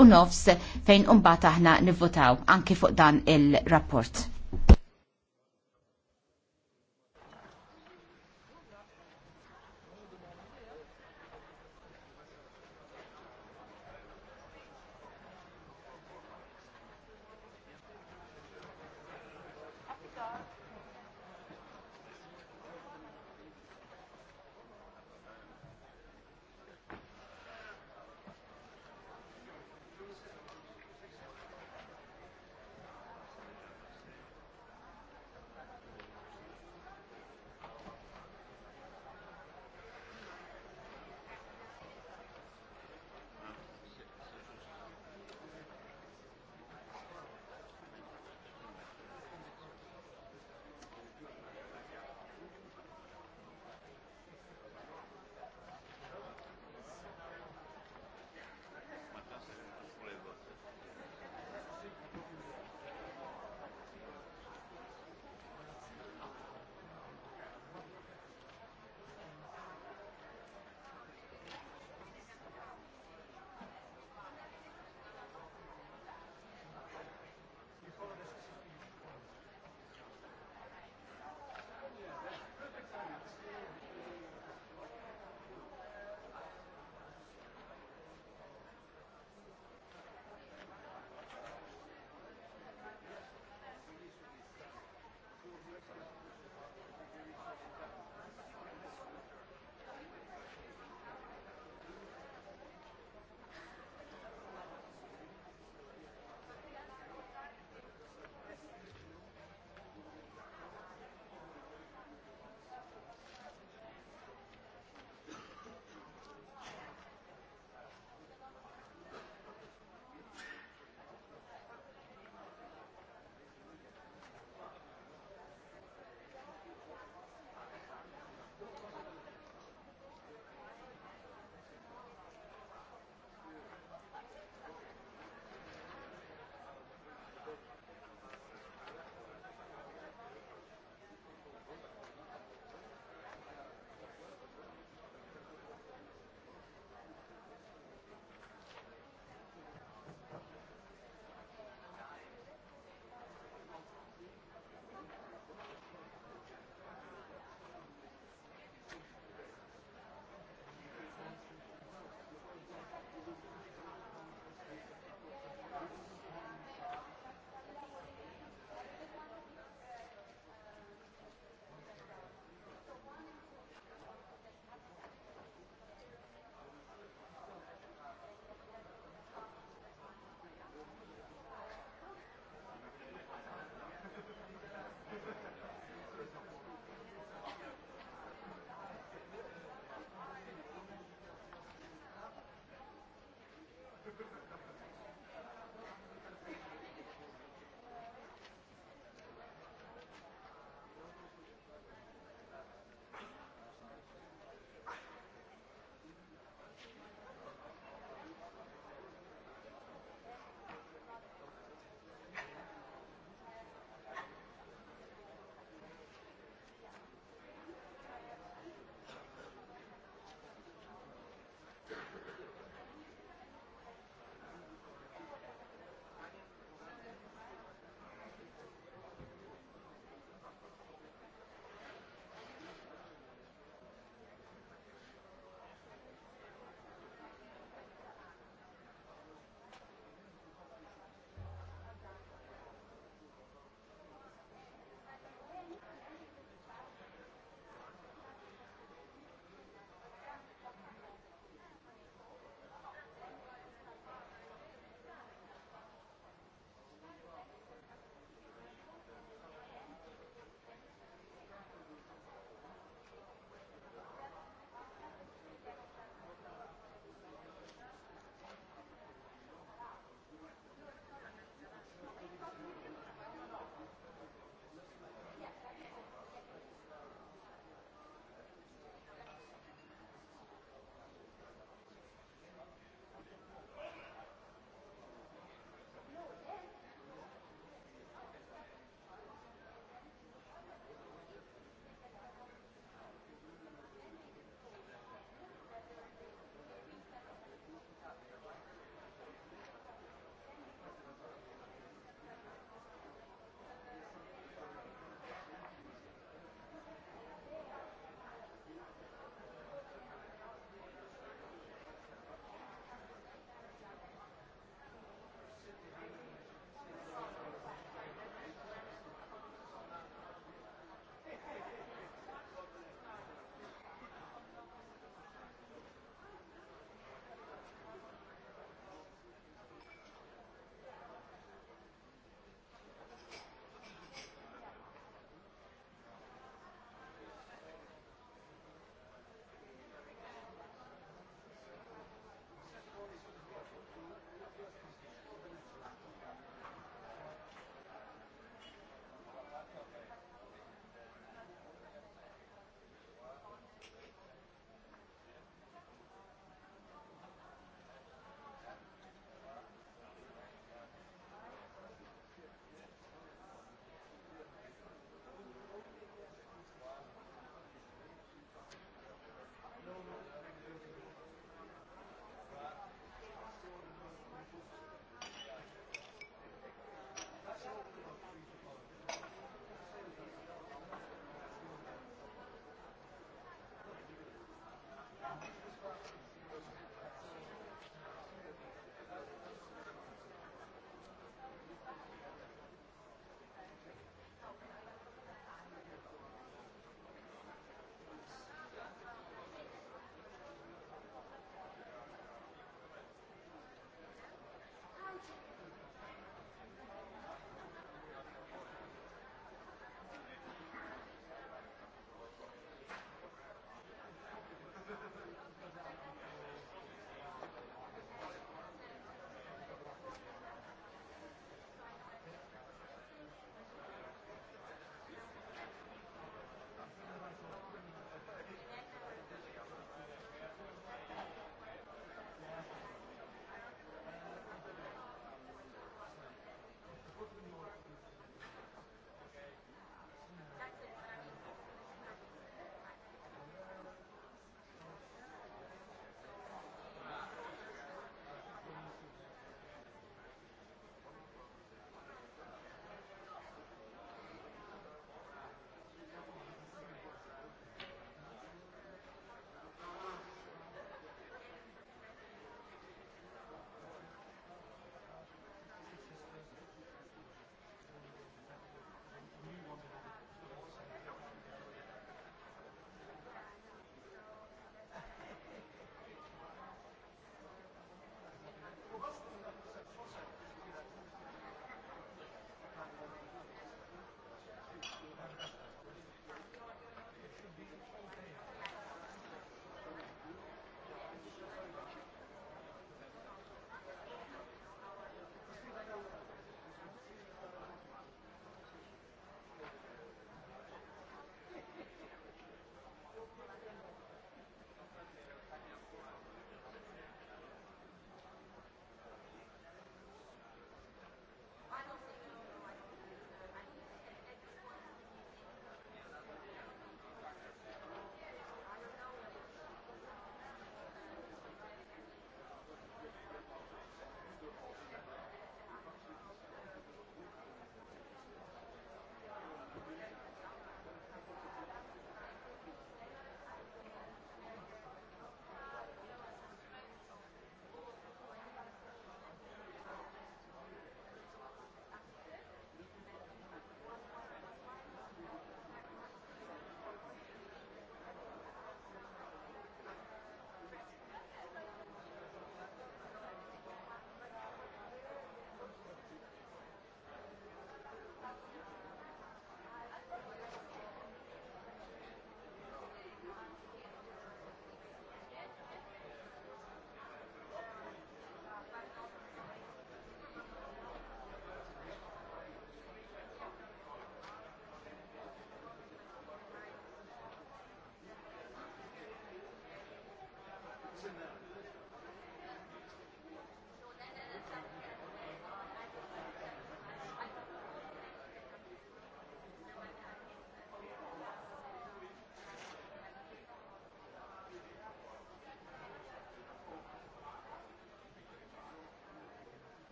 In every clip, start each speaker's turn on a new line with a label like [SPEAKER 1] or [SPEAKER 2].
[SPEAKER 1] u nofs fejn umbat aħna nivvotaw anki fuq dan il-rapport.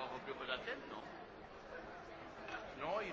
[SPEAKER 1] Europa proprio quella del no. Noi,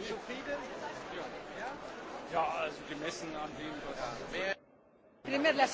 [SPEAKER 1] Zufrieden? Ja, also gemessen an dem, was... Primär la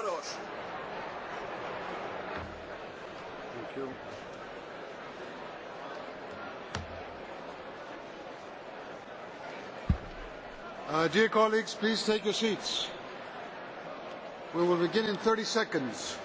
[SPEAKER 1] Grosch. Thank you. Uh, dear colleagues, please take your seats. We will begin in 30 seconds.